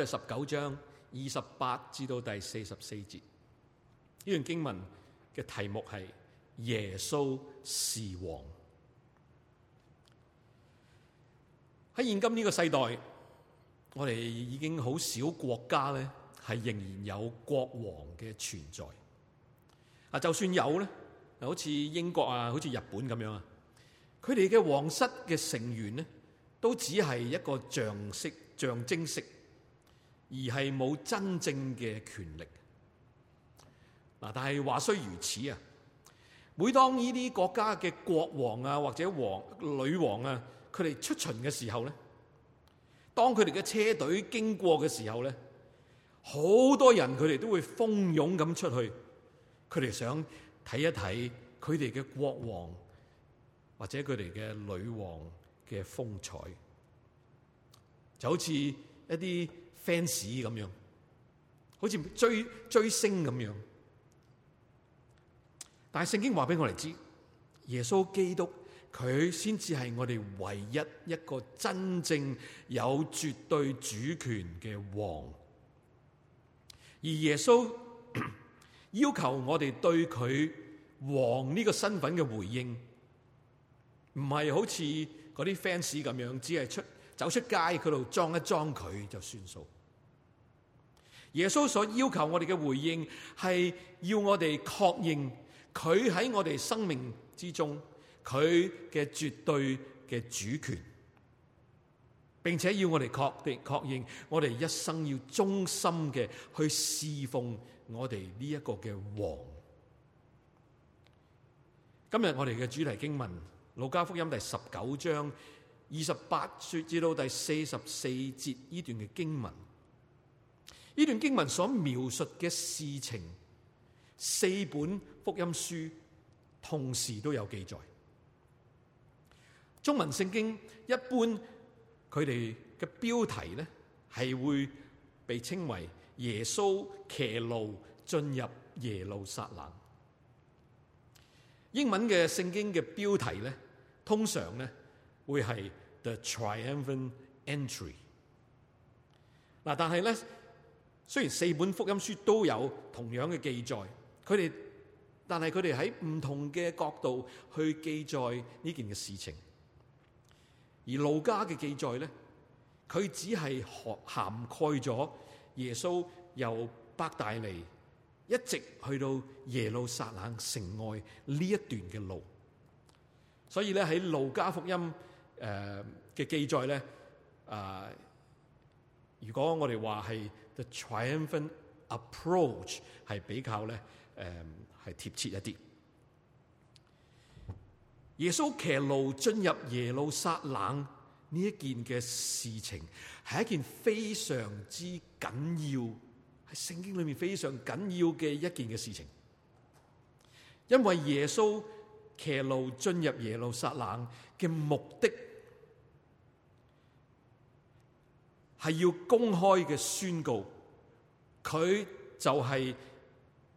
第十九章二十八至到第四十四節，呢段經文嘅題目係耶穌是王。喺現今呢個世代，我哋已經好少國家咧，係仍然有國王嘅存在。啊，就算有咧，好似英國啊，好似日本咁樣啊，佢哋嘅皇室嘅成員咧，都只係一個象式，象徵式。而係冇真正嘅權力嗱，但係話雖如此啊，每當呢啲國家嘅國王啊或者王女王啊，佢哋出巡嘅時候咧，當佢哋嘅車隊經過嘅時候咧，好多人佢哋都會蜂擁咁出去，佢哋想睇一睇佢哋嘅國王或者佢哋嘅女王嘅風采，就好似一啲 fans 咁樣，好似追追星咁樣，但係聖經話俾我哋知，耶穌基督佢先至係我哋唯一一個真正有絕對主權嘅王。而耶穌要求我哋對佢王呢個身份嘅回應，唔係好似嗰啲 fans 咁樣，只係出。走出街，佢度裝一裝，佢就算數。耶穌所要求我哋嘅回應係要我哋確認佢喺我哋生命之中佢嘅絕對嘅主權，並且要我哋確定確認我哋一生要忠心嘅去侍奉我哋呢一個嘅王。今日我哋嘅主題經文《路加福音》第十九章二十八說至到第四十四節呢段嘅經文，呢段經文所描述嘅事情，四本福音書同時都有記載。中文聖經一般佢哋嘅標題呢係會被稱為耶穌騎驢進入耶路撒冷。英文嘅聖經嘅標題呢，通常呢會係。The triumphant entry。嗱，但係咧，雖然四本福音書都有同樣嘅記載，佢哋但係佢哋喺唔同嘅角度去記載呢件嘅事情。而路加嘅記載咧，佢只係含涵蓋咗耶穌由伯大尼一直去到耶路撒冷城外呢一段嘅路。所以咧喺路加福音。誒、uh, 嘅記載咧，誒、uh，如果我哋話係 The Triumphant Approach 係比較咧，誒係貼切一啲。耶穌騎驢進入耶路撒冷呢一件嘅事情，係一件非常之緊要，係聖經裏面非常緊要嘅一件嘅事情。因為耶穌騎驢進入耶路撒冷嘅目的。係要公開嘅宣告，佢就係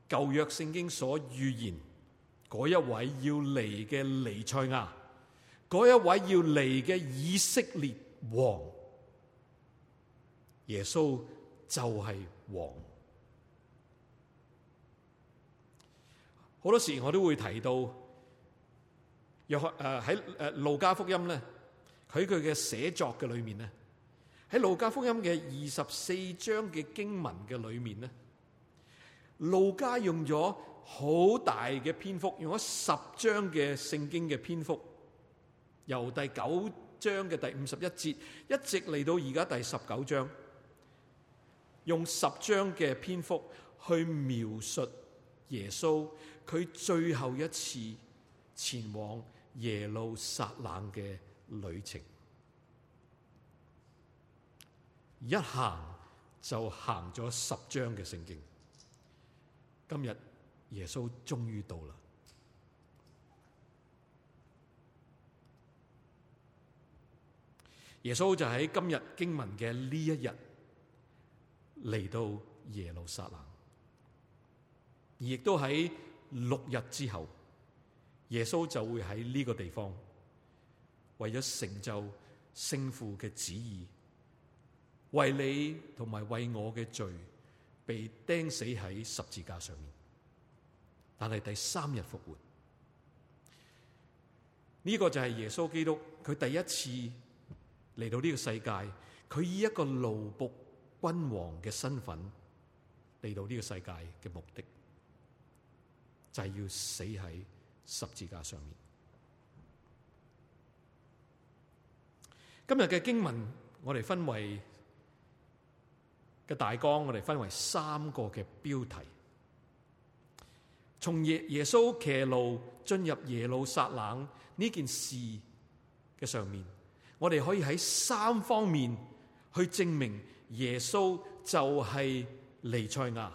舊約聖經所預言嗰一位要嚟嘅彌賽亞，嗰一位要嚟嘅以色列王，耶穌就係王。好多時我都會提到，約誒喺誒路加福音咧，佢佢嘅寫作嘅裏面咧。喺路加福音嘅二十四章嘅經文嘅裏面呢，路加用咗好大嘅篇幅，用咗十章嘅聖經嘅篇幅，由第九章嘅第五十一節一直嚟到而家第十九章，用十章嘅篇幅去描述耶穌佢最後一次前往耶路撒冷嘅旅程。一行就行咗十章嘅聖經。今日耶穌終於到啦。耶穌就喺今日經文嘅呢一日嚟到耶路撒冷，而亦都喺六日之後，耶穌就會喺呢個地方為咗成就聖父嘅旨意。為你同埋為我嘅罪，被釘死喺十字架上面。但係第三日復活，呢、呢個就係耶穌基督佢第一次嚟到呢個世界，佢以一個奴僕君王嘅身份嚟到呢個世界嘅目的，就係，要死喺十字架上面。今日嘅經文，我哋分為嘅大綱，我哋分為三個嘅標題，從耶耶穌騎驢進入耶路撒冷呢件事嘅上面，我哋可以喺三方面去證明耶穌就係彌賽亞，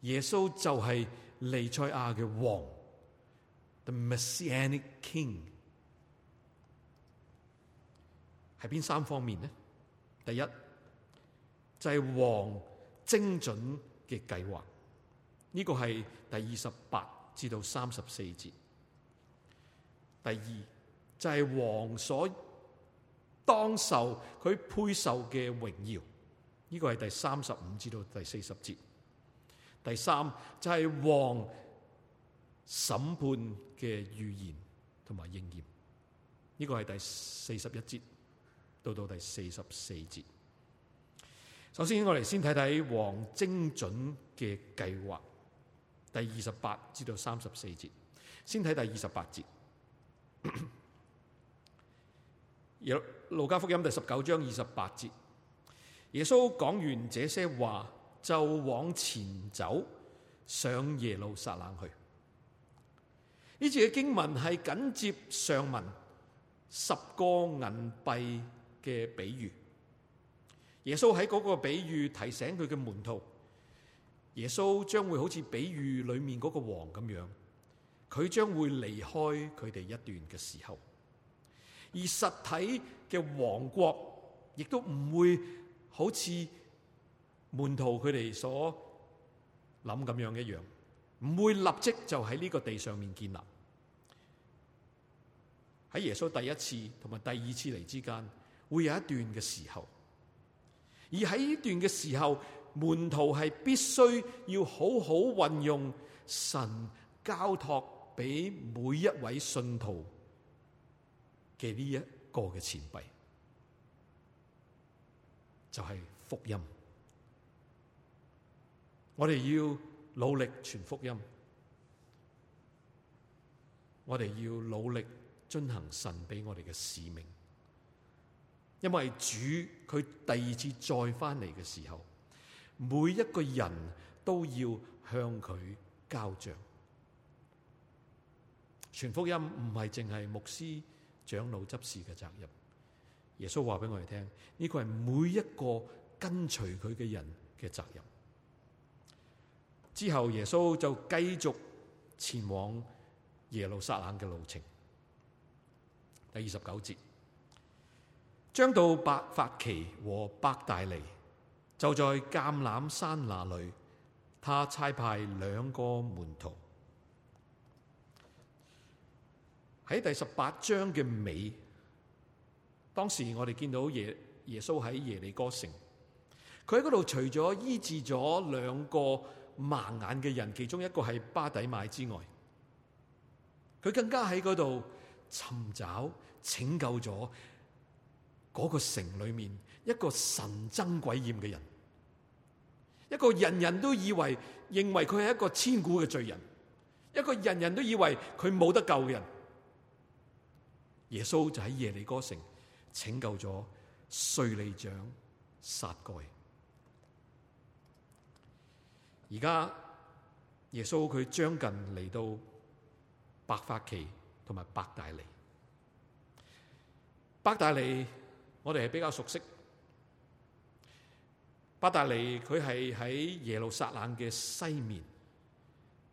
耶穌就係彌賽亞嘅王，The Messianic King，係邊三方面呢？第一。就係王精準嘅計劃，呢個係第二十八至到三十四節。第二就係王所當受佢配受嘅榮耀，呢個係第三十五至到第四十節。第三就係王審判嘅預言同埋應驗，呢個係第四十一節到到第四十四節。首先，我哋先睇睇王精準嘅計劃，第二十八至到三十四節。先睇第二十八節，有 路加福音第十九章二十八節。耶穌講完這些話，就往前走上耶路撒冷去。呢節嘅經文係緊接上文十個銀幣嘅比喻。耶穌喺嗰個比喻提醒佢嘅門徒，耶穌將會好似比喻裏面嗰個王咁樣，佢將會離開佢哋一段嘅時候，而實體嘅王國亦都唔會好似門徒佢哋所諗咁樣一樣，唔會立即就喺呢個地上面建立。喺耶穌第一次同埋第二次嚟之間，會有一段嘅時候。而喺呢段嘅時候，門徒係必須要好好運用神交託俾每一位信徒嘅呢一個嘅錢幣，就係福音。我哋要努力傳福音，我哋要努力進行神俾我哋嘅使命。因為主佢第二次再翻嚟嘅時候，每一個人都要向佢交賬。傳福音唔係淨係牧師、長老執事嘅責任，耶穌話俾我哋聽，呢個係每一個跟隨佢嘅人嘅責任。之後耶穌就繼續前往耶路撒冷嘅路程，第二十九節。將到伯法其和伯大尼，就在橄欖山那裏，他差派兩個門徒。喺第十八章嘅尾，當時我哋見到耶耶穌喺耶利哥城，佢喺嗰度除咗醫治咗兩個盲眼嘅人，其中一個係巴底買之外，佢更加喺嗰度尋找拯救咗。嗰、那個城裏面一個神憎鬼厭嘅人，一個人人都以為認為佢係一個千古嘅罪人，一個人人都以為佢冇得救嘅人，耶穌就喺耶利哥城拯救咗稅吏長撒該。而家耶穌佢將近嚟到伯法其同埋伯大尼。伯大尼。我哋係比較熟悉，八達尼佢係喺耶路撒冷嘅西面，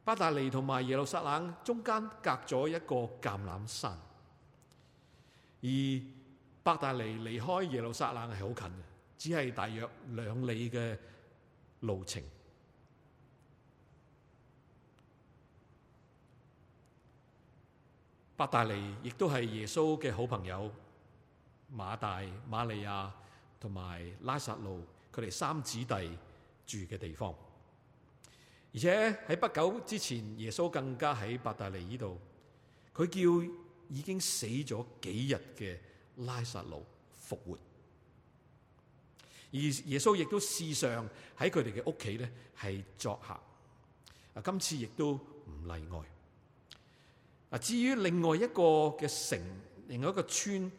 八達尼同埋耶路撒冷中間隔咗一個橄欖山，而八達尼離開耶路撒冷係好近嘅，只係大約兩里嘅路程。八達尼亦都係耶穌嘅好朋友。馬大、馬利亞同埋拉撒路，佢哋三姊弟住嘅地方。而且喺不久之前，耶穌更加喺伯大尼呢度，佢叫已經死咗幾日嘅拉撒路復活。而耶穌亦都時常喺佢哋嘅屋企咧係作客。啊，今次亦都唔例外。啊，至於另外一個嘅城，另外一個村。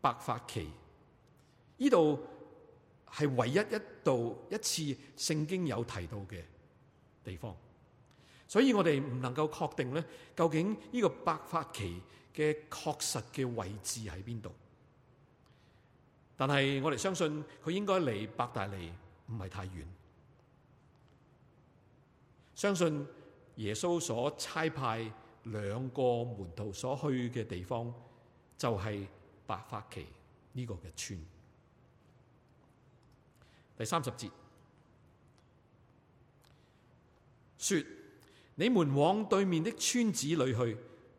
白發期呢度係唯一一度一次聖經有提到嘅地方，所以我哋唔能夠確定呢，究竟呢個伯法其嘅確實嘅位置喺邊度？但係我哋相信佢應該離伯大尼唔係太遠，相信耶穌所差派兩個門徒所去嘅地方就係、是。伯法其呢，這個嘅村，第三十節說：你們往對面的村子裏去，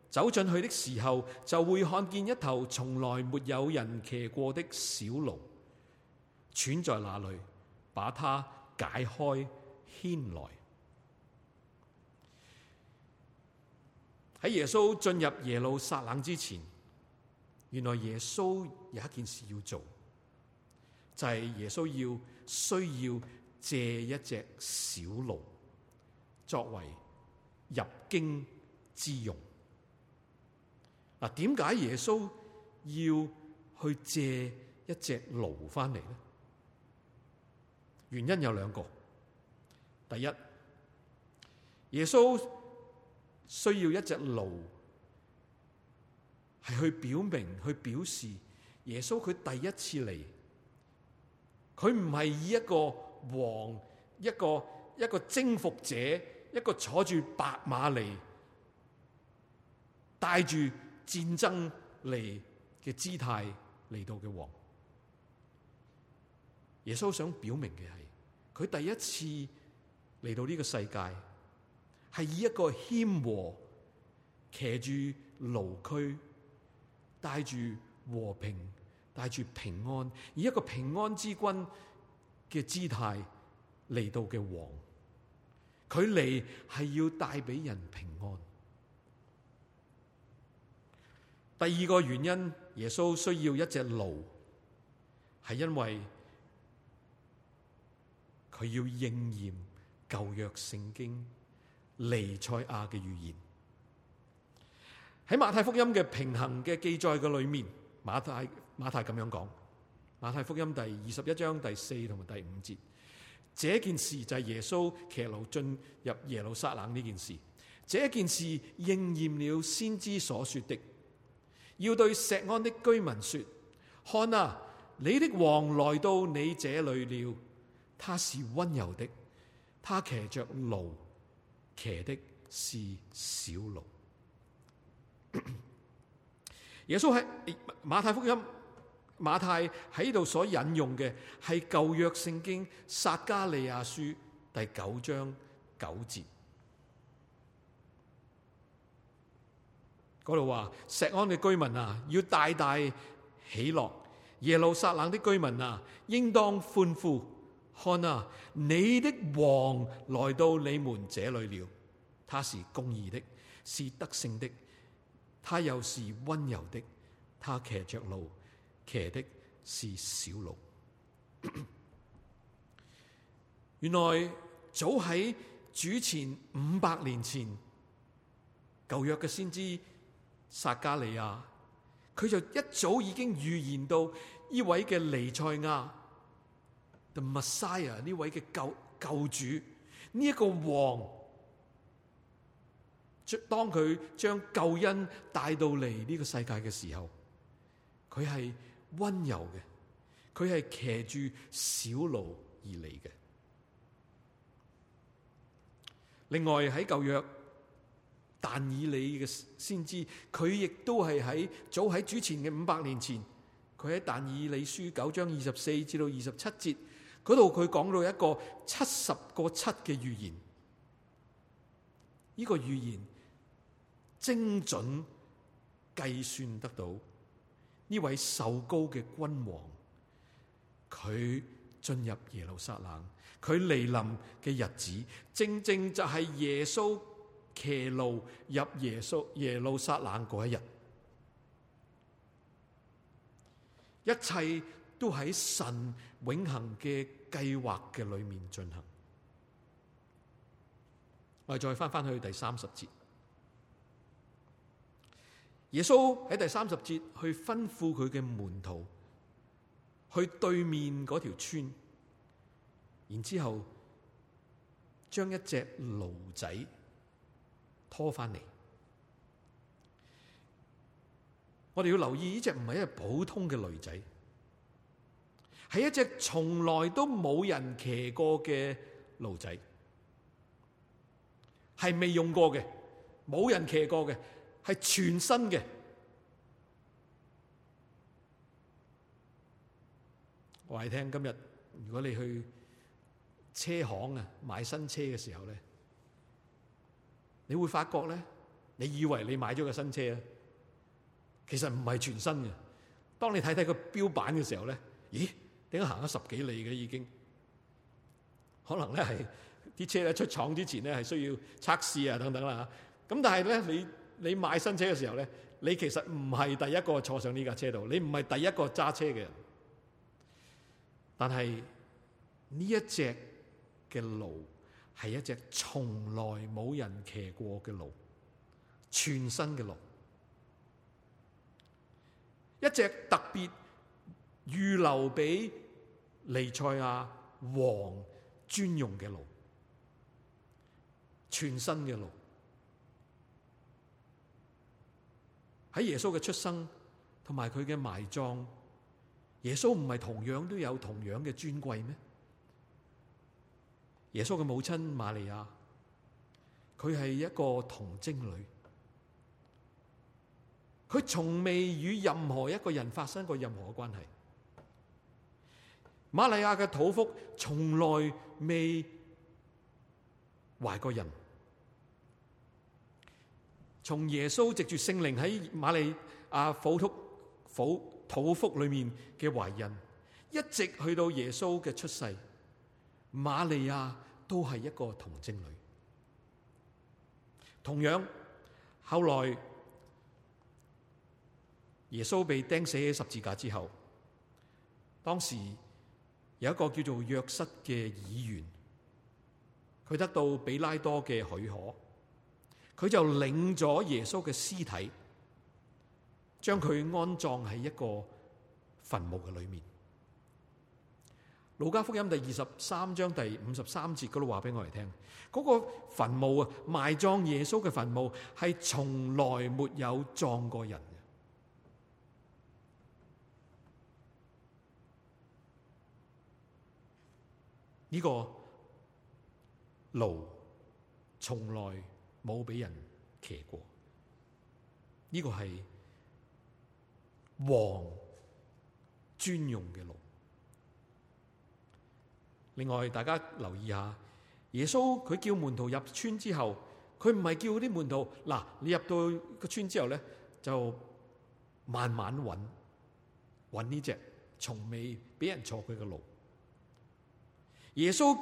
走進去的時候，就會看見一頭從來沒有人騎過的小驢，拴在那裏，把它解開，牽來。喺耶穌進入耶路撒冷之前。原來耶穌有一件事要做，就係、是、耶穌要需要借一隻小驢作為入京之用。嗱，點解耶穌要去借一隻驢翻嚟咧？原因有兩個。第一，耶穌需要一隻驢。係去表明、去表示耶穌佢第一次嚟，佢唔係以一個王、一個一個征服者、一個坐住白馬嚟帶住戰爭嚟嘅姿態嚟到嘅王。耶穌想表明嘅係，佢第一次嚟到呢個世界，係以一個謙和騎住驢駒。帶住和平，帶住平安，以一個平安之君嘅姿態嚟到嘅王，佢嚟係要帶俾人平安。第二個原因，耶穌需要一隻驢，係因為佢要應驗舊約聖經尼賽亞嘅預言。喺馬太福音嘅平衡嘅記載嘅裏面，馬太馬太咁樣講，馬太福音第二十一章第四同埋第五節，這件事就係耶穌騎驢進入耶路撒冷呢件事，這件事應驗了先知所說的，要對錫安的居民說：看啊，你的王來到你這裏了，他是溫柔的，他騎着驢，騎的是小驢。 耶穌喺馬太福音，馬太喺度所引用嘅係舊約聖經撒迦利亞書第九章九節，嗰度話：錫安嘅居民啊，要大大喜樂；耶路撒冷的居民啊，應當歡呼。看啊，你的王來到你們這裏了，他是公義的，是得勝的。他又是溫柔的，他騎着驢，騎的是小驢。 原來早喺主前五百年前，舊約嘅先知撒加利亞，佢就一早已經預言到呢位嘅尼賽亞，the Messiah 呢位嘅救救主，呢、這、一個王。當佢將救恩帶到嚟呢個世界嘅時候，佢係溫柔嘅，佢係騎住小路而嚟嘅。另外喺舊約但以理嘅先知，佢亦都係喺早喺主前嘅五百年前，佢喺但以理書九章二十四至到二十七節嗰度，佢講到一個七十個七嘅預言。呢、呢個預言。精準計算得到呢位受膏嘅君王，佢進入耶路撒冷，佢嚟臨嘅日子，正正就係耶穌騎驢入耶穌耶路撒冷嗰一日，一切都喺神永恒嘅計劃嘅裏面進行。我哋再翻翻去第三十節。耶穌喺第三十節去吩咐佢嘅門徒去對面嗰條村，然之後將一隻驢仔拖翻嚟。我哋要留意呢隻唔係一隻普通嘅驢仔，係一隻從來都冇人騎過嘅驢仔，係未用過嘅，冇人騎過嘅。係全新嘅。我話你聽今日，如果你去車行啊買新車嘅時候咧，你會發覺咧，你以為你買咗個新車啊，其實唔係全新嘅。當你睇睇個標板嘅時候咧，咦？點解行咗十幾里嘅已經？可能咧係啲車咧出廠之前咧係需要測試啊等等啦。咁但係咧你。你買新車嘅時候咧，你其實唔係第一個坐上呢架車度，你唔係第一個揸車嘅人。但係呢一隻嘅路，係一隻從來冇人騎過嘅路，全新嘅路，一隻特別預留俾彌賽亞王專用嘅路，全新嘅路。喺耶穌嘅出生同埋佢嘅埋葬，耶穌唔係同樣都有同樣嘅尊貴咩？耶穌嘅母親瑪利亞，佢係一個童貞女，佢從未與任何一個人發生過任何關係。瑪利亞嘅肚腹從來未懷過孕。從耶穌藉住聖靈喺馬利亞普哭苦禱福裏面嘅懷孕，一直去到耶穌嘅出世，瑪利亞都係一個童貞女。同樣，後來耶穌被釘死喺十字架之後，當時有一個叫做約瑟嘅議員，佢得到比拉多嘅許可。佢就領咗耶穌嘅屍體，將佢安葬喺一個墳墓嘅裏面。路加福音第二十三章第五十三節嗰度話俾我哋聽，嗰、那個墳墓啊，埋葬耶穌嘅墳墓係從來沒有葬過人嘅。呢、這個路從來。冇俾人騎過，呢、這個係王專用嘅路。另外，大家留意下，耶穌佢叫門徒入村之後，佢唔係叫嗰啲門徒。嗱，你入到個村之後咧，就慢慢揾揾呢隻，從未俾人坐佢嘅路。耶穌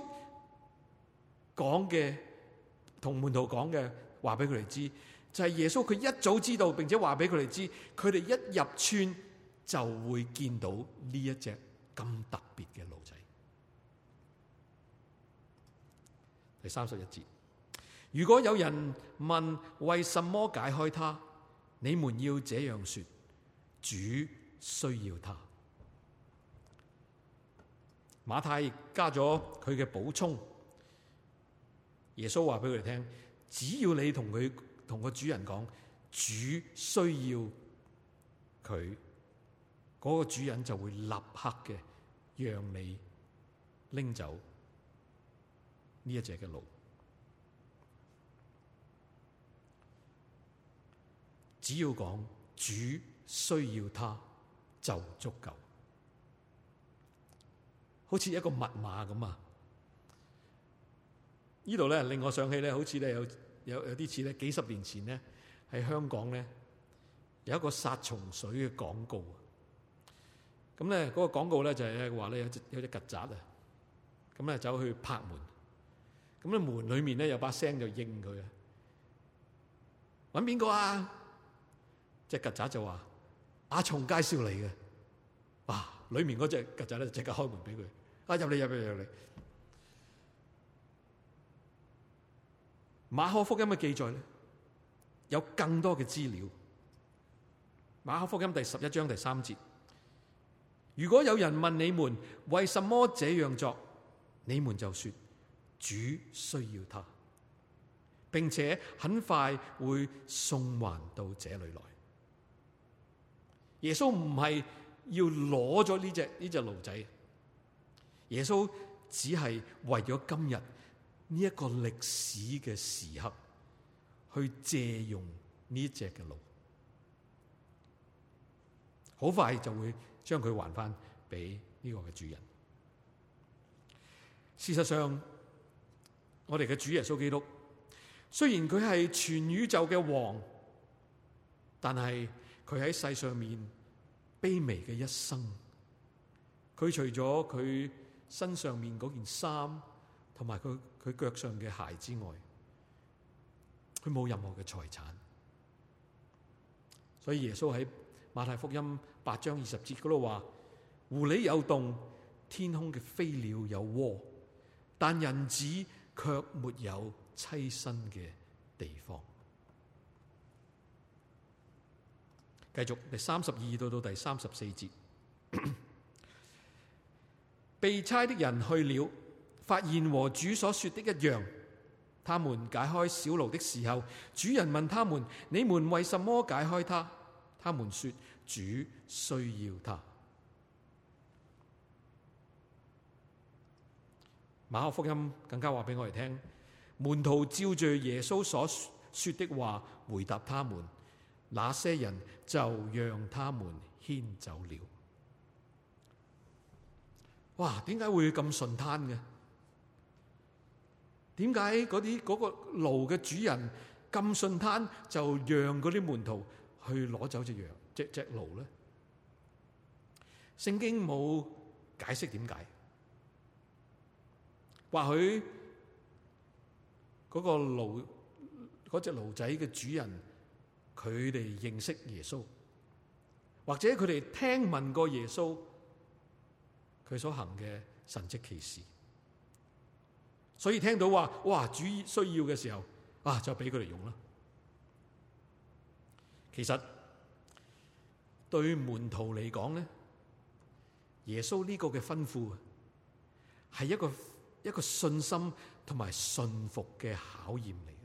講嘅。同門徒講嘅話俾佢哋知，就係、是、耶穌佢一早知道，並且話俾佢哋知，佢哋一入村就會見到呢一隻咁特別嘅路仔。第三十一節，如果有人問：「為什麼解開它？」你們要這樣說：「主需要它。」馬太加咗佢嘅補充。耶穌話俾佢哋聽，只要你同佢同個主人講，主需要佢，嗰、那個主人就會立刻嘅讓你拎走呢一隻嘅驢。只要講主需要他，就足夠。好似一個密碼咁啊！呢度咧令我想起咧，好似咧有有有啲似咧幾十年前咧喺香港咧有一個殺蟲水嘅廣告，咁咧嗰個廣告咧就係話咧有隻有隻曱甴啊，咁咧走去拍門，咁咧門裏面咧有一把聲就應佢啊，揾邊個啊？隻曱甴就話：阿松介紹嚟嘅，啊，裏面嗰隻曱甴咧即刻開門俾佢，啊，入嚟入嚟入嚟！馬可福音嘅記載咧，有更多嘅資料。馬可福音第十一章第三節，如果有人問你們為什麼這樣做，你們就說：主需要他，並且很快會送還到這裏來。耶穌唔係要攞咗呢隻呢隻驢仔，耶穌只係為咗今日。呢、這、一個歷史嘅時刻，去借用呢隻嘅驢，好快就會將佢還翻俾呢個嘅主人。事實上，我哋嘅主耶穌基督，雖然佢係全宇宙嘅王，但係佢喺世上面卑微嘅一生，佢除咗佢身上面嗰件衫同埋佢。佢腳上嘅鞋之外，佢冇任何嘅財產，所以耶穌喺馬太福音八章二十節嗰度話：狐狸有洞，天空嘅飛鳥有窩，但人子卻沒有棲身嘅地方。繼續第三十二到到第三十四節，被差的人去了。發現和主所說的一樣，他們解開小驢的時候，主人問他們：你們為什麼解開它？」他們說：主需要它。」馬可福音更加話俾我哋聽，門徒照住耶穌所說的話回答他們，那些人就讓他們牽走了。哇，點解會咁順攤嘅？點解嗰啲嗰個驢嘅主人咁順攤，就讓嗰啲門徒去攞走隻羊隻隻驢咧？聖經冇解釋點解，或許嗰個驢隻驢仔嘅主人佢哋認識耶穌，或者佢哋聽聞過耶穌佢所行嘅神跡奇事。所以聽到話哇，主需要嘅時候，啊，就俾佢哋用啦。其實對門徒嚟講咧，耶穌呢個嘅吩咐係一個一個信心同埋信服嘅考驗嚟嘅。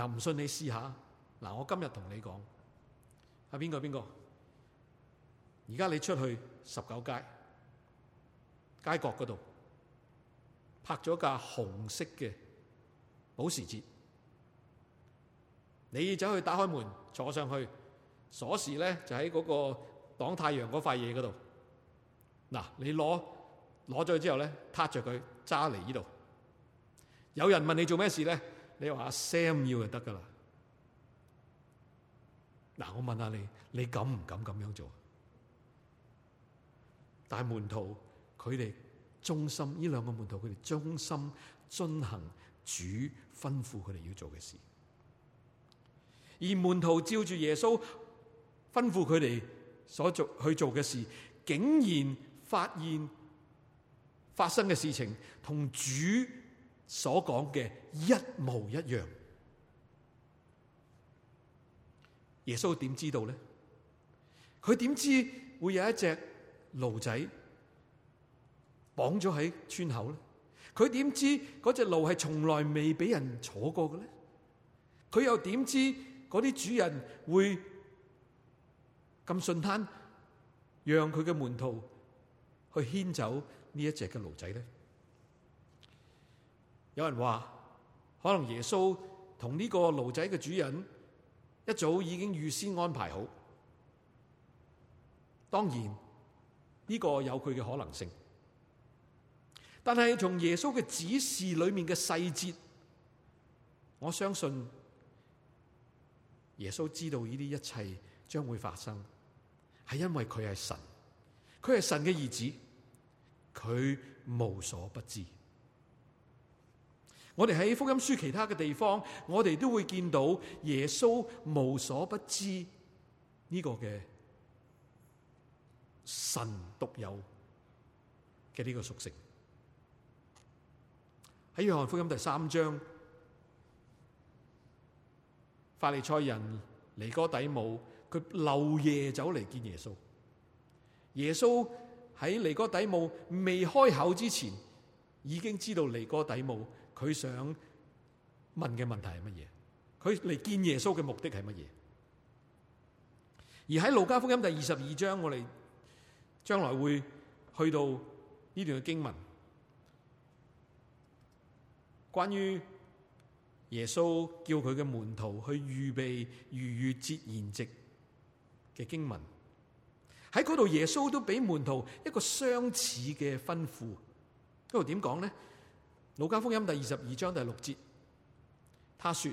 嗱，唔信你試下。嗱，我今日同你講，係邊個邊個？而家你出去十九街街角嗰度。拍咗架紅色嘅保時捷，你走去打開門坐上去，鎖匙咧就喺嗰個擋太陽嗰塊嘢嗰度。嗱，你攞攞咗之後咧，撻着佢揸嚟呢度。有人問你做咩事咧？你話阿 Sam 要就得噶啦。嗱，我問下你，你敢唔敢咁樣做？但係門徒佢哋忠心，呢兩個門徒佢哋忠心遵行主吩咐佢哋要做嘅事，而門徒照住耶穌吩咐佢哋所做去做嘅事，竟然發現發生嘅事情同主所講嘅一模一樣。耶穌點知道呢？佢點知會有一隻驢仔？綁咗喺村口咧，佢點知隻驢係從來未俾人坐過嘅咧？佢又點知啲主人會咁順攤，讓佢嘅門徒去牽走這一隻仔呢一隻嘅驢仔咧？有人話可能耶穌同呢個驢仔嘅主人一早已經預先安排好，當然呢、這個有佢嘅可能性。但係從耶穌嘅指示裏面嘅細節，我相信耶穌知道呢啲一切將會發生，係因為佢係神，佢係神嘅兒子，佢無所不知。我哋喺福音書其他嘅地方，我哋都會見到耶穌無所不知呢個嘅神獨有嘅呢個屬性。喺約翰福音第三章，法利賽人尼哥底母，佢漏夜走嚟見耶穌。耶穌喺尼哥底母未開口之前，已經知道尼哥底母佢想問嘅問題係乜嘢？佢嚟見耶穌嘅目的係乜嘢？而喺路加福音第二十二章，我哋將來會去到呢段嘅經文。關於耶穌叫佢嘅門徒去預備逾越節筵席嘅經文，喺嗰度耶穌都俾門徒一個相似嘅吩咐。嗰度點講呢？《路加福音》第二十二章第六節，他說：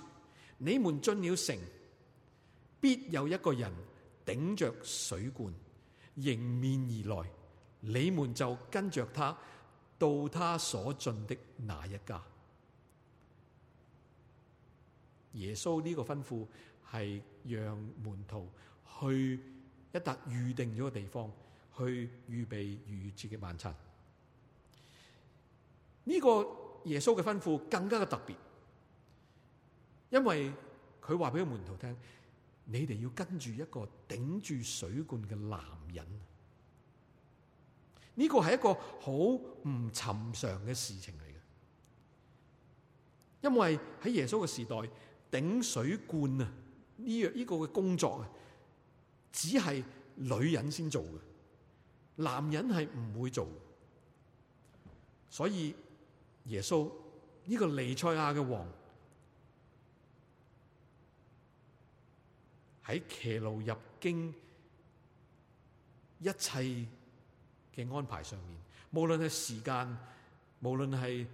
你們進了城，必有一個人頂着水罐迎面而來，你們就跟着他到他所進的那一家。耶穌呢個吩咐係讓門徒去一笪預定咗嘅地方去預備逾越節嘅晚餐。呢、這個耶穌嘅吩咐更加嘅特別，因為佢話俾個門徒聽：你哋要跟住一個頂住水罐嘅男人。呢個係一個好唔尋常嘅事情嚟嘅，因為喺耶穌嘅時代。頂水罐啊！呢樣呢個嘅工作啊，只係女人先做嘅，男人係唔會做。所以耶穌呢、呢個尼賽亞嘅王喺騎驢入京，一切嘅安排上面，無論係時間，無論係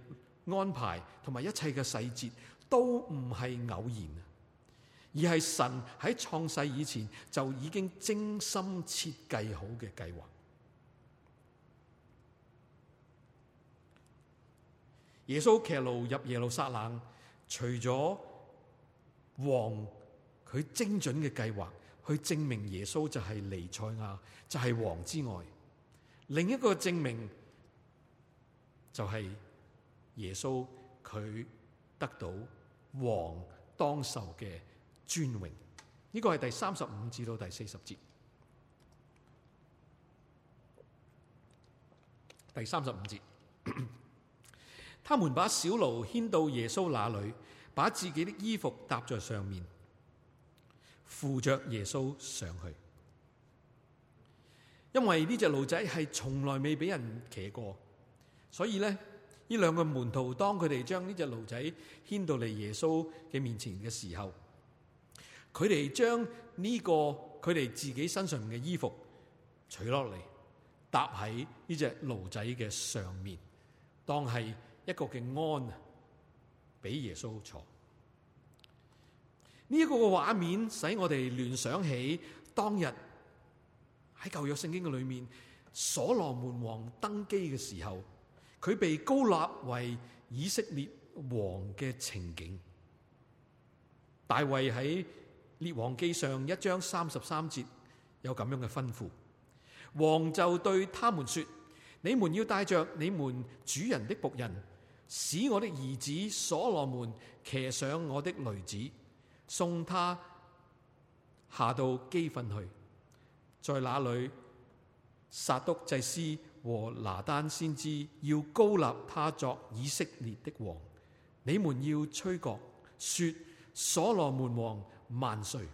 安排同埋一切嘅細節。都唔係偶然，而係神喺創世以前就已經精心設計好嘅計劃。耶穌騎驢入耶路撒冷，除咗王佢精準嘅計劃去證明耶穌就係彌賽亞，就係、是、王之外，另一個證明就係耶穌佢，得到王當受嘅尊榮，呢個係第三十五至到第四十節。第三十五節，他們把小驢牽到耶穌那裏，把自己的衣服搭在上面，扶着耶穌上去。因為呢隻驢仔係從來未俾人騎過，所以呢。呢兩個門徒當佢哋將呢隻驢仔牽到嚟耶穌嘅面前嘅時候，佢哋將呢、這個佢哋自己身上面嘅衣服取落嚟搭喺呢隻驢仔嘅上面，當係一個嘅鞍啊，俾耶穌坐。呢、這、一個嘅畫面使我哋聯想起當日喺舊約聖經嘅裏面，所羅門王登基嘅時候。佢被膏立為以色列王嘅情景，大衛喺《列王記》上一章三十三節有咁樣嘅吩咐。王就對他們說：你們要帶着你們主人的僕人，使我的兒子所羅門騎上我的騾子，送他下到基訓去，在那裏撒督祭司。和拿單先知要高立他作以色列的王，你們要吹角說：所羅門王萬歲！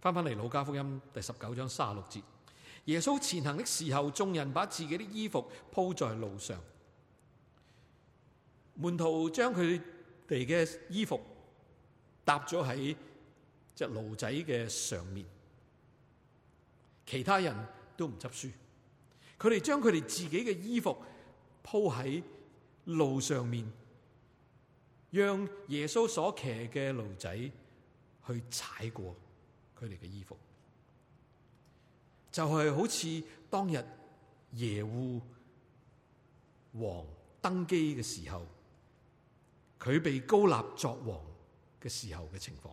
翻返嚟《路加福音》第十九章卅六節，耶穌前行的時候，眾人把自己的衣服鋪在路上，門徒將佢哋嘅衣服搭咗喺隻驢仔嘅上面。其他人都唔執輸，佢哋將佢哋自己嘅衣服鋪喺路上面，讓耶穌所騎嘅驢仔去踩過佢哋嘅衣服，就係、是、好似當日耶戶王登基嘅時候，佢被膏立作王嘅時候嘅情況。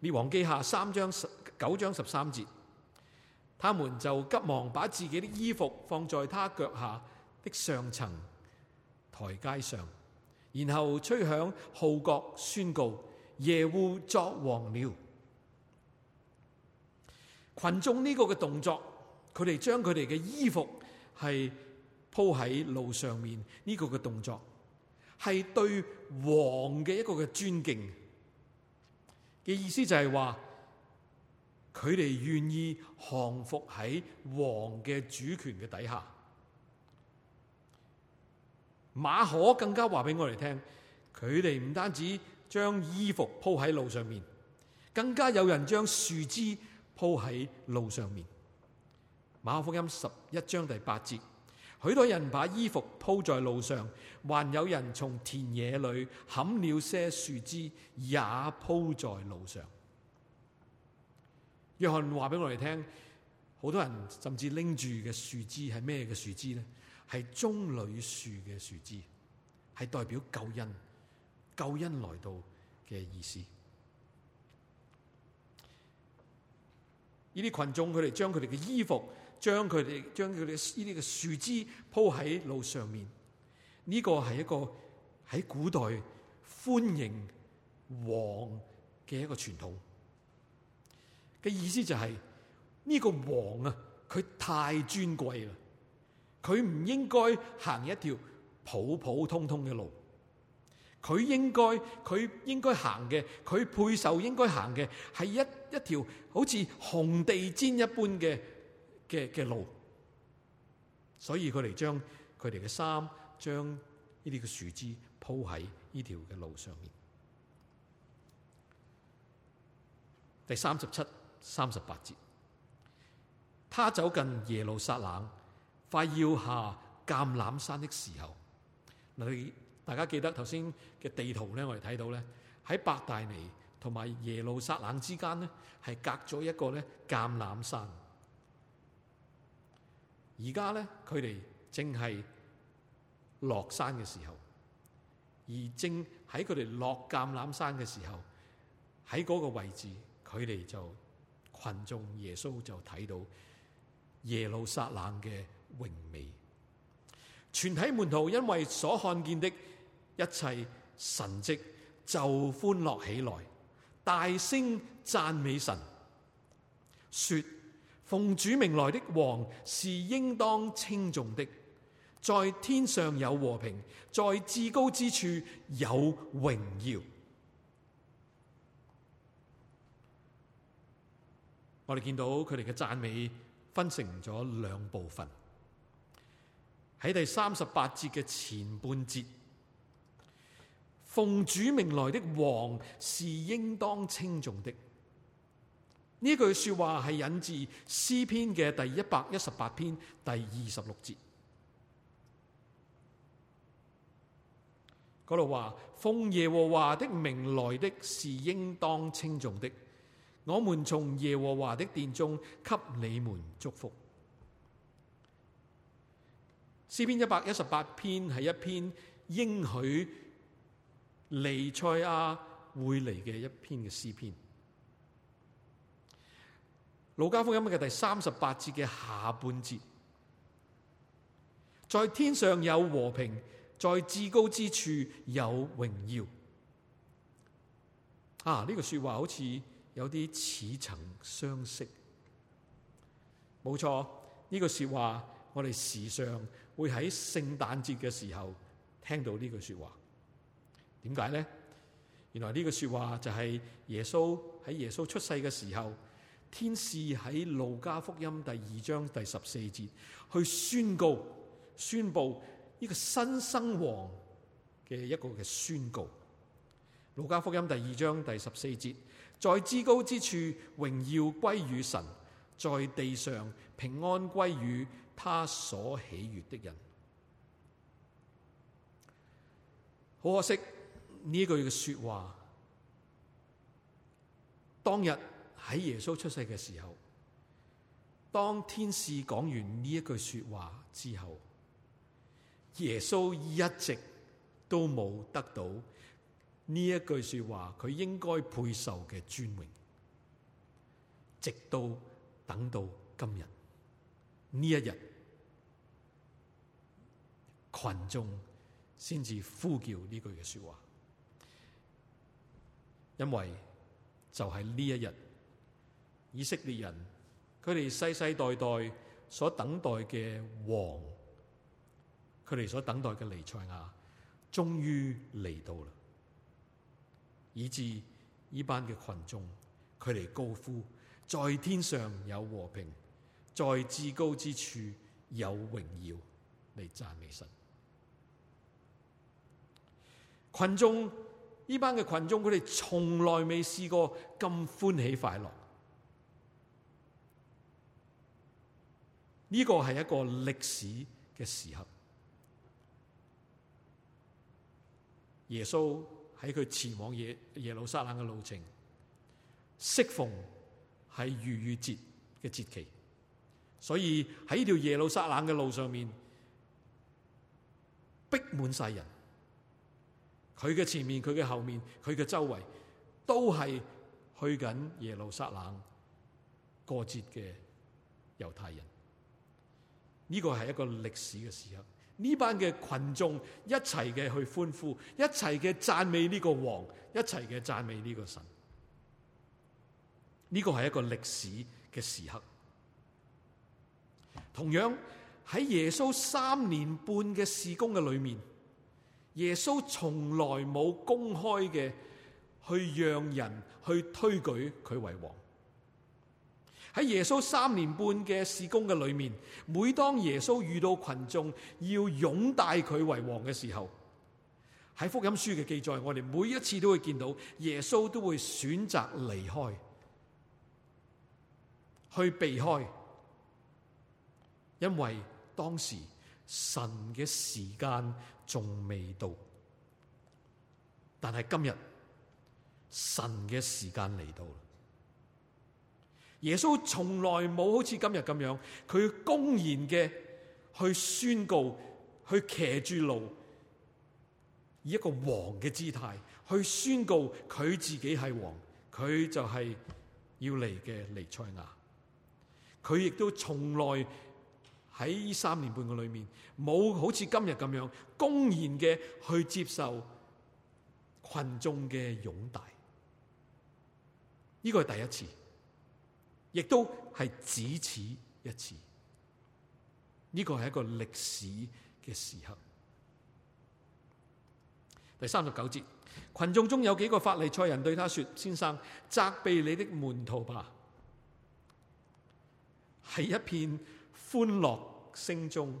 列王紀下三章十九章十三節。他們就急忙把自己的衣服放在他腳下的上層台階上，然後吹響號角，宣告耶戶作王了。群眾呢個嘅動作，佢哋將佢哋嘅衣服係鋪喺路上面，呢、這個嘅動作係對王嘅一個嘅尊敬嘅意思就係話。佢哋願意降服喺王嘅主權嘅底下。馬可更加話俾我哋聽，佢哋唔單止將衣服鋪喺路上面，更加有人將樹枝鋪喺路上面。馬可福音十一章第八節，許多人把衣服鋪在路上，還有人從田野裏砍了些樹枝也鋪在路上。約翰話俾我哋聽，好多人甚至拎住嘅樹枝係咩嘅樹枝咧？係棕櫚樹嘅樹枝，係代表救恩、救恩來到嘅意思。呢啲群眾佢哋將佢哋嘅衣服、將佢哋、將佢哋呢啲嘅樹枝鋪喺路上面，呢個係一個喺古代歡迎王嘅一個傳統。嘅意思就係呢個王啊，佢太尊貴啦，佢唔應該行一條普普通通嘅路，佢應該佢應該行嘅，佢配受應該行嘅係一一條好似紅地氈一般嘅嘅嘅路，所以佢哋將佢哋嘅衫將呢啲嘅樹枝鋪喺呢條嘅路上面。第三十七。三十八節，他走近耶路撒冷，快要下橄欖山的時候，你大家記得頭先嘅地圖咧，我哋睇到咧喺伯大尼同埋耶路撒冷之間呢，係隔咗一個咧橄欖山。而家咧佢哋正係落山嘅時候，而正喺佢哋落橄欖山嘅時候，喺嗰個位置佢哋就。群眾耶穌就睇到耶路撒冷嘅榮美，全體門徒因為所看見的一切神蹟就歡樂起來，大聲讚美神，說：奉主名來的王是應當稱頌的，在天上有和平，在至高之處有榮耀。我哋見到佢哋嘅讚美分成咗兩部分，喺第三十八節嘅前半節，奉主名來的王是應當稱頌的。呢句說話係引自詩篇嘅第一百一十八篇第二十六節，嗰度話奉耶和華的名來的是應當稱頌的。我們從耶和華的殿中給你們祝福。詩篇一百一十八篇係一篇應許彌賽亞會嚟嘅，一篇嘅詩篇。路加福音嘅第三十八節嘅下半節，在天上有和平，在至高之處有榮耀。啊！呢、這個說話好似～有啲似曾相識，冇錯呢句說話。我哋時常會喺聖誕節嘅時候聽到呢句說話。點解呢？原來呢句說話就係耶穌喺耶穌出世嘅時候，天使喺路加福音第二章第十四節去宣告、宣布呢個新生王嘅一個嘅宣告。路加福音第二章第十四節。在至高之處，榮耀歸於神；在地上，平安歸於他所喜悦的人。好可惜，呢句嘅說話，當日喺耶穌出世嘅時候，當天使講完呢一句說話之後，耶穌一直都冇得到。呢一句說話，佢應該配受嘅尊榮，直到等到今日呢一日，群眾先至呼叫呢句嘅說話，因為就係呢一日，以色列人佢哋世世代代所等待嘅王，佢哋所等待嘅彌賽亞，終於嚟到啦。以至呢班嘅群眾，佢哋高呼：在天上有和平，在至高之處有榮耀，嚟讚美神。群眾，呢班嘅群眾，佢哋從來未試過咁歡喜快樂。呢個係一個歷史嘅時刻，耶穌。喺佢前往耶耶路撒冷嘅路程，適逢係逾越節嘅節期，所以喺呢條耶路撒冷嘅路上面，逼滿晒人。佢嘅前面，佢嘅後面，佢嘅周圍，都係去緊耶路撒冷過節嘅猶太人。呢、呢個係一個歷史嘅時刻。呢班嘅群眾一齊嘅去歡呼，一齊嘅讚美呢個王，一齊嘅讚美呢個神。呢個係一個歷史嘅時刻。同樣喺耶穌三年半嘅事工嘅裏面，耶穌從來冇公開嘅去讓人去推舉佢為王。喺耶穌三年半嘅事工嘅裏面，每當耶穌遇到群眾要擁戴佢為王嘅時候，喺福音書嘅記載，我哋每一次都會見到耶穌都會選擇離開，去避開，因為當時神嘅時間仲未到，但係今日神嘅時間嚟到耶穌從來冇好似今日咁樣，佢公然嘅去宣告，去騎住驢，以一個王嘅姿態去宣告佢自己係王，佢就係要嚟嘅彌賽亞。佢亦都從來喺三年半嘅裏面，冇好似今日咁樣公然嘅去接受群眾嘅擁戴。呢個係第一次。亦都係只此一次，呢個係一個歷史嘅時刻。第三十九節，群眾中有幾個法利賽人對他說：「先生，責備你的門徒吧。」喺一片歡樂聲中，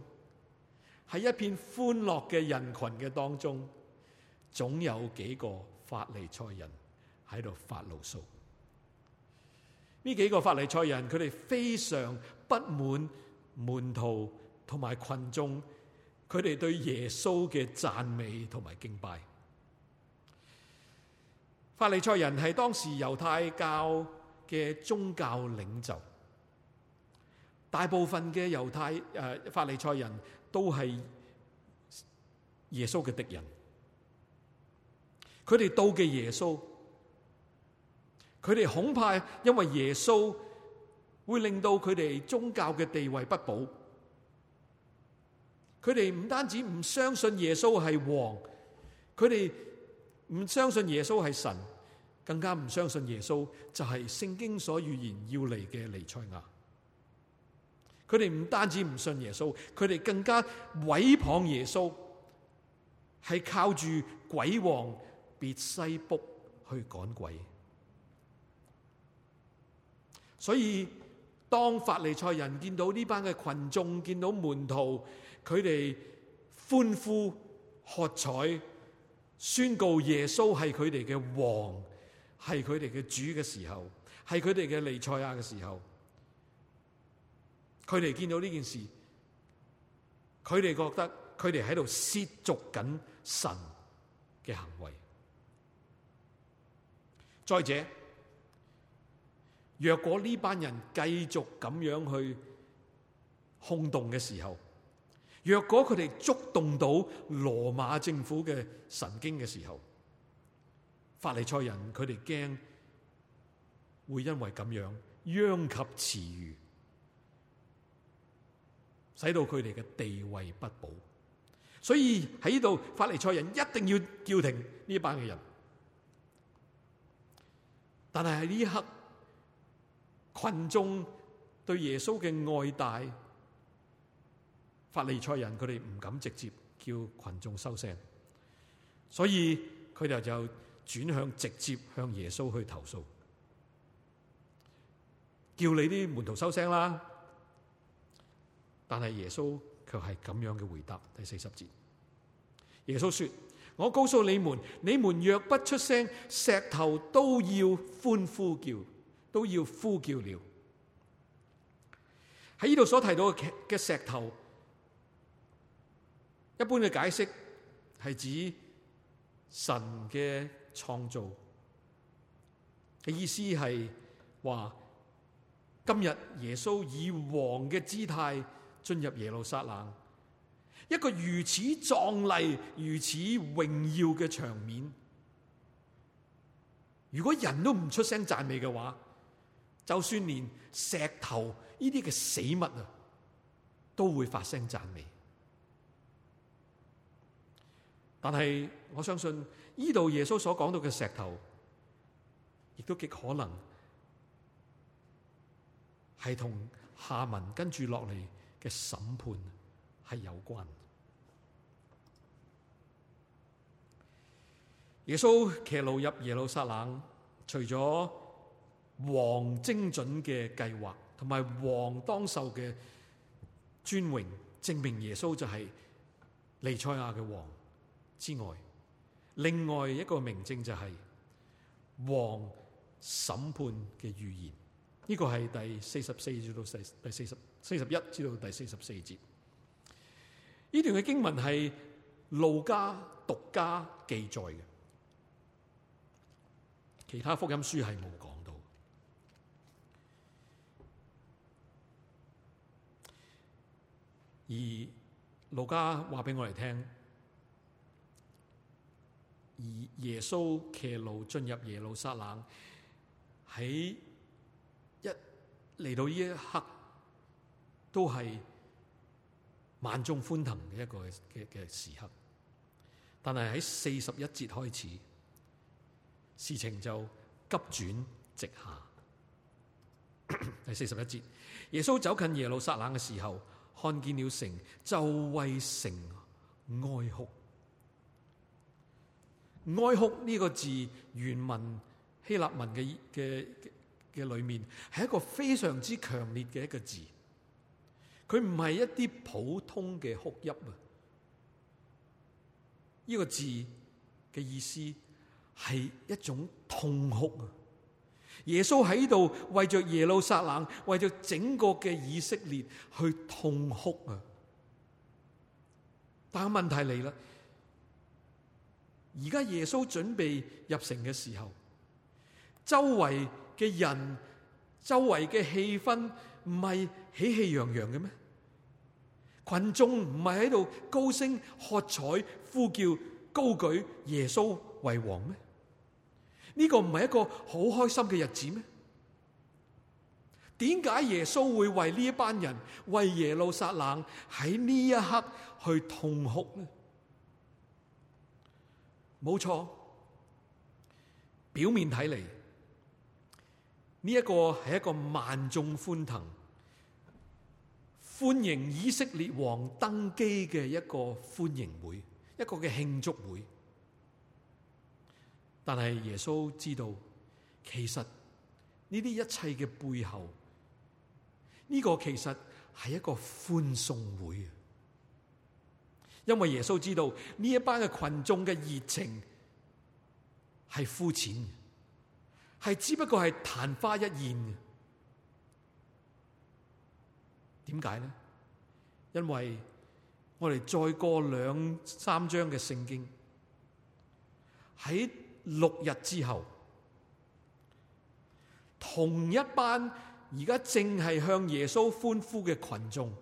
喺一片歡樂嘅人群嘅當中，總有幾個法利賽人喺度發牢騷。呢幾個法利賽人，佢哋非常不滿門徒同埋群眾，佢哋對耶穌嘅讚美同埋敬拜。法利賽人係當時猶太教嘅宗教領袖，大部分嘅猶太誒、呃、法利賽人都係耶穌嘅敵人，佢哋妒忌耶穌。佢哋恐怕因為耶穌會令到佢哋宗教嘅地位不保。佢哋唔單止唔相信耶穌係王，佢哋唔相信耶穌係神，更加唔相信耶穌就係聖經所預言要嚟嘅彌賽亞。佢哋唔單止唔信耶穌，佢哋更加毀謗耶穌，係靠住鬼王別西卜去趕鬼。所以，當法利賽人見到呢班嘅群眾見到門徒，佢哋歡呼喝彩，宣告耶穌係佢哋嘅王，係佢哋嘅主嘅時候，係佢哋嘅彌賽亞嘅時候，佢哋見到呢件事，佢哋覺得佢哋喺度褻瀆緊神嘅行為。再者，若果呢班人繼續咁樣去轟動嘅時候，若果佢哋觸動到羅馬政府嘅神經嘅時候，法利賽人佢哋驚會因為咁樣殃及池魚，使到佢哋嘅地位不保，所以喺呢度，法利賽人一定要叫停呢班嘅人，但係喺呢一刻。群眾對耶穌嘅愛戴，法利賽人佢哋唔敢直接叫群眾收聲，所以佢哋就轉向直接向耶穌去投訴，叫你啲門徒收聲啦。但係耶穌卻係咁樣嘅回答，第四十節，耶穌說：我告訴你們，你們若不出聲，石頭都要歡呼叫。都要呼叫了。喺呢度所提到嘅石頭，一般嘅解釋係指神嘅創造嘅意思，係話，今日耶穌以王嘅姿態進入耶路撒冷，一個如此壯麗、如此榮耀嘅場面，如果人都唔出聲讚美嘅話，就算連石頭呢啲嘅死物啊，都會發聲讚美。但係我相信呢度耶穌所講到嘅石頭，亦都極可能係同下文跟住落嚟嘅審判係有關。耶穌騎驢入耶路撒冷，除咗王精準嘅計劃，同埋王當受嘅尊榮，證明耶穌就係彌賽亞嘅王之外，另外一個明證就係王審判嘅預言。呢個係第四十四至到第第四十第四十一至到第四十四節。呢段嘅經文係路加獨家記載嘅，其他福音書係冇講。而路加話俾我哋聽，而耶穌騎驢進入耶路撒冷，喺一嚟到呢一刻，都係萬眾歡騰嘅一個嘅嘅時刻。但係喺四十一節開始，事情就急轉直下。第四十一節，耶穌走近耶路撒冷嘅時候。看見了城，就為城哀哭。哀哭呢個字，原文希臘文嘅嘅嘅裏面，係一個非常之強烈嘅一個字。佢唔係一啲普通嘅哭泣啊。呢個字嘅意思係一種痛哭耶穌喺度為着耶路撒冷，為着整個嘅以色列去痛哭啊！但係問題嚟啦，而家耶穌準備入城嘅時候，周圍嘅人、周圍嘅氣氛唔係喜氣洋洋嘅咩？群眾唔係喺度高聲喝彩、呼叫、高舉耶穌為王咩？呢個唔係一個好開心嘅日子咩？點解耶穌會為呢一班人為耶路撒冷喺呢一刻去痛哭呢？冇錯，表面睇嚟，呢一個係一個萬眾歡騰、歡迎以色列王登基嘅一個歡迎會，一個嘅慶祝會。但係耶穌知道，其實呢啲一切嘅背後，呢、這個其實係一個歡送會啊！因為耶穌知道呢一班嘅群眾嘅熱情係膚淺，係只不過係曇花一現嘅。點解呢？因為我哋再過兩三章嘅聖經喺。六日之後，同一班而家正係向耶穌歡呼嘅群眾，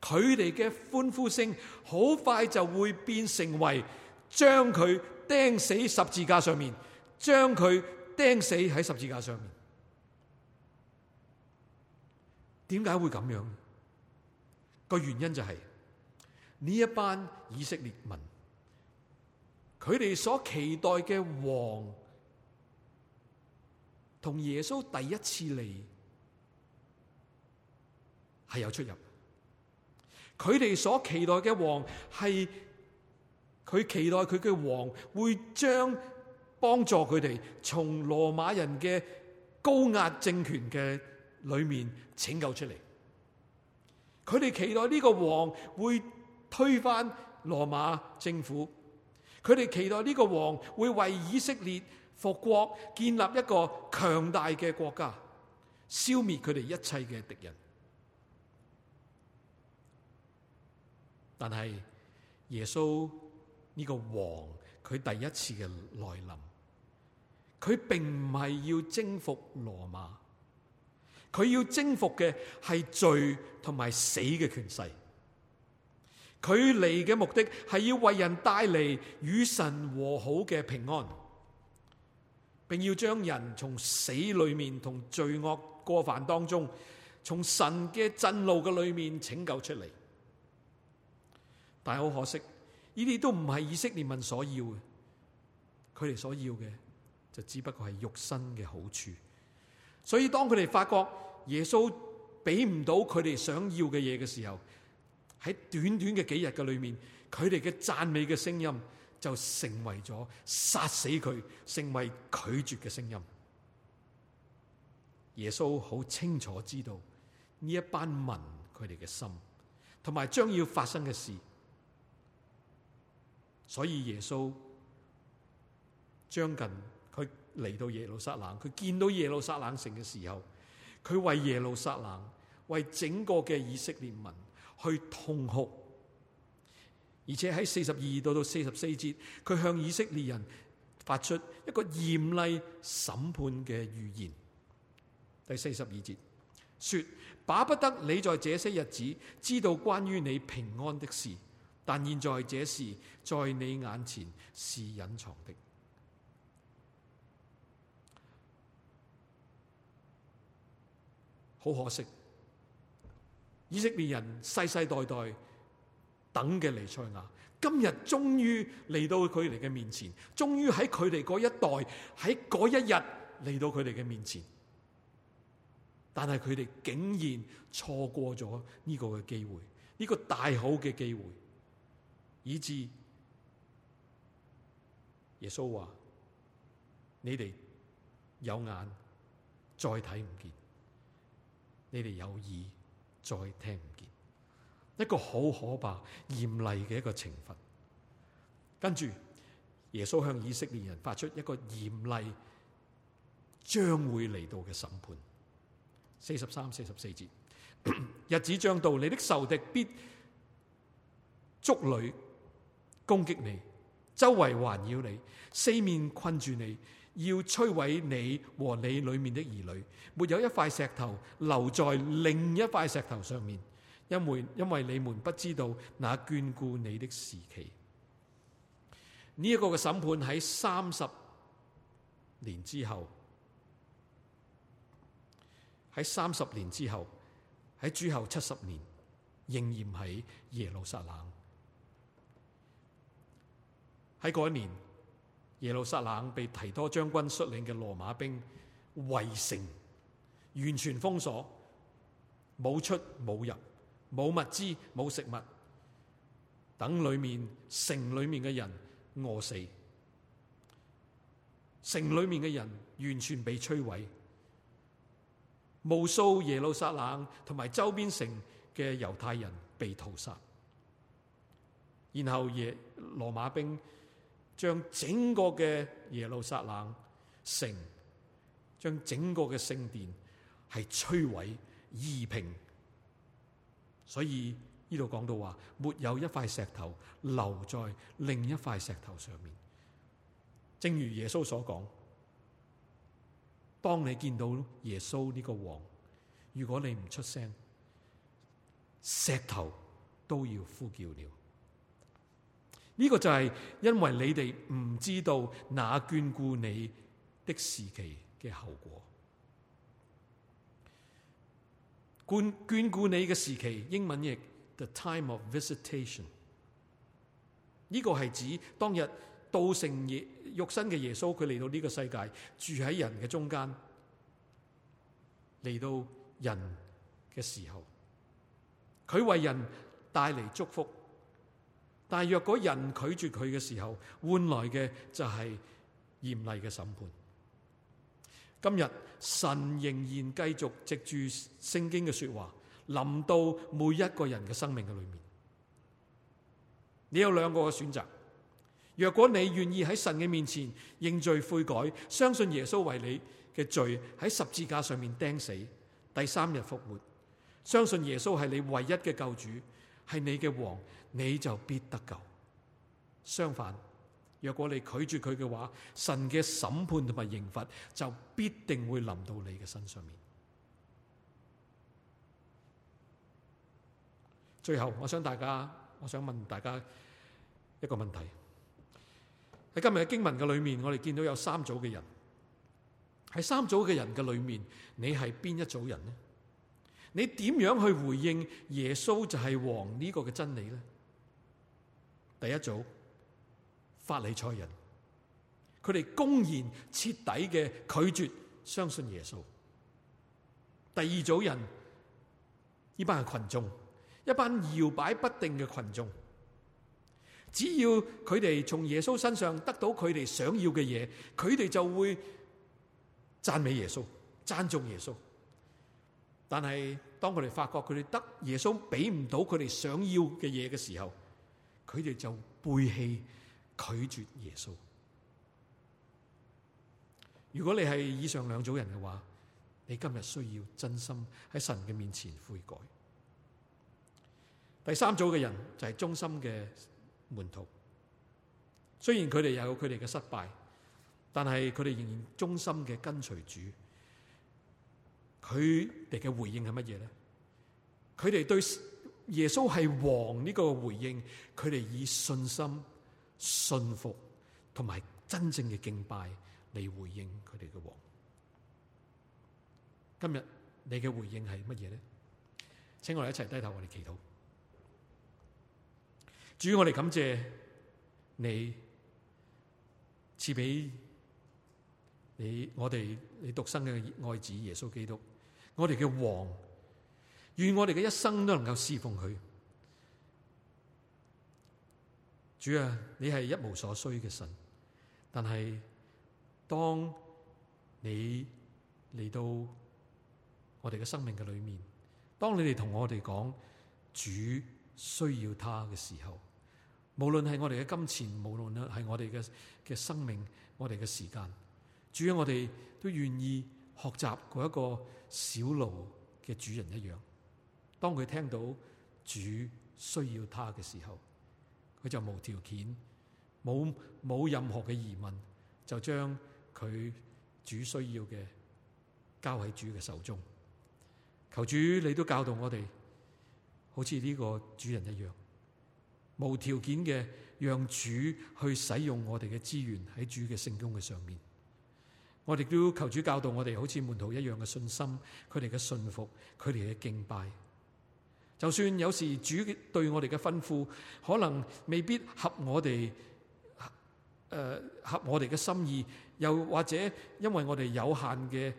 佢哋嘅歡呼聲好快就會變成為將佢釘死十字架上面，將佢釘死喺十字架上面。點解會咁樣？個原因就係呢一班以色列民。佢哋所期待嘅王，同耶穌第一次嚟係有出入。佢哋所期待嘅王係佢期待佢嘅王會將幫助佢哋從羅馬人嘅高壓政權嘅裏面拯救出嚟。佢哋期待呢個王會推翻羅馬政府。佢哋期待呢個王會為以色列復國，建立一個強大嘅國家，消滅佢哋一切嘅敵人。但係耶穌呢個王，佢第一次嘅來臨，佢並唔係要征服羅馬，佢要征服嘅係罪同埋死嘅權勢。佢嚟嘅目的係要為人帶嚟與神和好嘅平安，並要將人從死裏面，同罪惡過犯當中、從神嘅震怒嘅裏面拯救出嚟。但係好可惜，呢啲都唔係以色列民所要嘅。佢哋所要嘅就只不過係肉身嘅好處。所以當佢哋發覺耶穌俾唔到佢哋想要嘅嘢嘅時候，喺短短嘅幾日嘅裏面，佢哋嘅讚美嘅聲音就成為咗殺死佢，成為拒絕嘅聲音。耶穌好清楚知道呢一班民佢哋嘅心，同埋將要發生嘅事，所以耶穌將近佢嚟到耶路撒冷，佢見到耶路撒冷城嘅時候，佢為耶路撒冷，為整個嘅以色列民，去痛哭，而且喺四十二度到四十四節，佢向以色列人發出一個嚴厲審判嘅預言。第四十二節，說：巴不得你在這些日子知道關於你平安的事，但現在這事在你眼前是隱藏的。好可惜。以色列人世世代代等嘅彌賽亞，今日終於嚟到佢哋嘅面前，終於喺佢哋嗰一代喺嗰一日嚟到佢哋嘅面前，但係佢哋竟然錯過咗呢個嘅機會，呢個大好嘅機會，以致耶穌話：你哋有眼再睇唔見，你哋有耳。」再聽唔見，一個好可怕、嚴厲嘅一個懲罰。跟住，耶穌向以色列人發出一個嚴厲，將會嚟到嘅審判。四十三、四十四節，日子將到，你的仇敵必築壘攻擊你，周圍環繞你，四面困住你。要摧毀你和你裏面的兒女，沒有一塊石頭留在另一塊石頭上面，因為因為你們不知道那眷顧你的時期。呢、這、一個嘅審判喺三十年之後，喺三十年之後，喺最後七十年，仍然喺耶路撒冷。喺嗰一年。耶路撒冷被提多將軍率領嘅羅馬兵圍城，完全封鎖，冇出冇入，冇物資冇食物，等裏面城裏面嘅人餓死，城裏面嘅人完全被摧毀，無數耶路撒冷同埋周邊城嘅猶太人被屠殺，然後耶羅馬兵。將整個嘅耶路撒冷城，將整個嘅聖殿係摧毀夷平，所以呢度講到話，沒有一塊石頭留在另一塊石頭上面。正如耶穌所講，當你見到耶穌呢個王，如果你唔出聲，石頭都要呼叫了。呢、這個就係因為你哋唔知道那眷顧你的時期嘅後果，眷、眷顧你嘅時期，英文譯 the time of visitation。呢個係指當日道成肉身嘅耶穌，佢嚟到呢個世界，住喺人嘅中間，嚟到人嘅時候，佢為人帶嚟祝福。但若果人拒絕佢嘅時候，換來嘅就係嚴厲嘅審判。今日神仍然繼續藉住聖經嘅說話，臨到每一個人嘅生命嘅裏面。你有兩個嘅選擇：若果你願意喺神嘅面前認罪悔改，相信耶穌為你嘅罪喺十字架上面釘死，第三日復活，相信耶穌係你唯一嘅救主。係你嘅王，你就必得救。相反，若果你拒絕佢嘅話，神嘅審判同埋刑罰就必定會臨到你嘅身上面。最後，我想大家，我想問大家一個問題：喺今日嘅經文嘅裏面，我哋見到有三組嘅人。喺三組嘅人嘅裏面，你係邊一組人呢？你點樣去回應耶穌就係王呢個嘅真理咧？第一組法利賽人，佢哋公然徹底嘅拒絕相信耶穌。第二組人，呢班群眾，一班搖擺不定嘅群眾，只要佢哋從耶穌身上得到佢哋想要嘅嘢，佢哋就會讚美耶穌，讚頌耶穌。但係，當佢哋發覺佢哋得耶穌俾唔到佢哋想要嘅嘢嘅時候，佢哋就背棄拒絕耶穌。如果你係以上兩組人嘅話，你今日需要真心喺神嘅面前悔改。第三組嘅人就係忠心嘅門徒，雖然佢哋有佢哋嘅失敗，但係佢哋仍然忠心嘅跟隨主。佢哋嘅回應係乜嘢咧？佢哋對耶穌係王呢個回應，佢哋以信心、信服同埋真正嘅敬拜嚟回應佢哋嘅王。今日你嘅回應係乜嘢咧？請我哋一齊低頭，我哋祈禱。主，我哋感謝你賜俾你我哋你獨生嘅愛子耶穌基督。我哋嘅王，願我哋嘅一生都能夠侍奉佢。主啊，你係一無所需嘅神，但係當你嚟到我哋嘅生命嘅裏面，當你哋同我哋講主需要他嘅時候，無論係我哋嘅金錢，無論係我哋嘅嘅生命，我哋嘅時間，主啊，我哋都願意。學習嗰一個小驢嘅主人一樣，當佢聽到主需要他嘅時候，佢就無條件、冇冇任何嘅疑問，就將佢主需要嘅交喺主嘅手中。求主，你都教導我哋，好似呢個主人一樣，無條件嘅讓主去使用我哋嘅資源喺主嘅聖工嘅上面。我哋都求主教導我哋，好似門徒一樣嘅信心，佢哋嘅信服，佢哋嘅敬拜。就算有時主對我哋嘅吩咐，可能未必合我哋誒、呃、合我哋嘅心意，又或者因為我哋有限嘅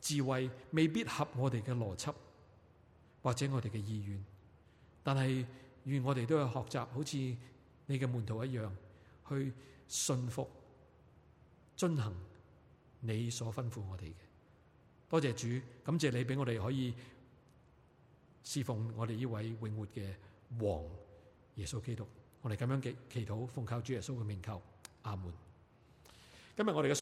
智慧，未必合我哋嘅邏輯，或者我哋嘅意願。但係願我哋都要學習，好似你嘅門徒一樣，去信服、遵行。你所吩咐我哋嘅，多謝主，感謝你俾我哋可以侍奉我哋呢位永活嘅王耶穌基督，我哋咁樣祈祈禱，奉靠主耶穌嘅名求，阿門。今日我哋嘅。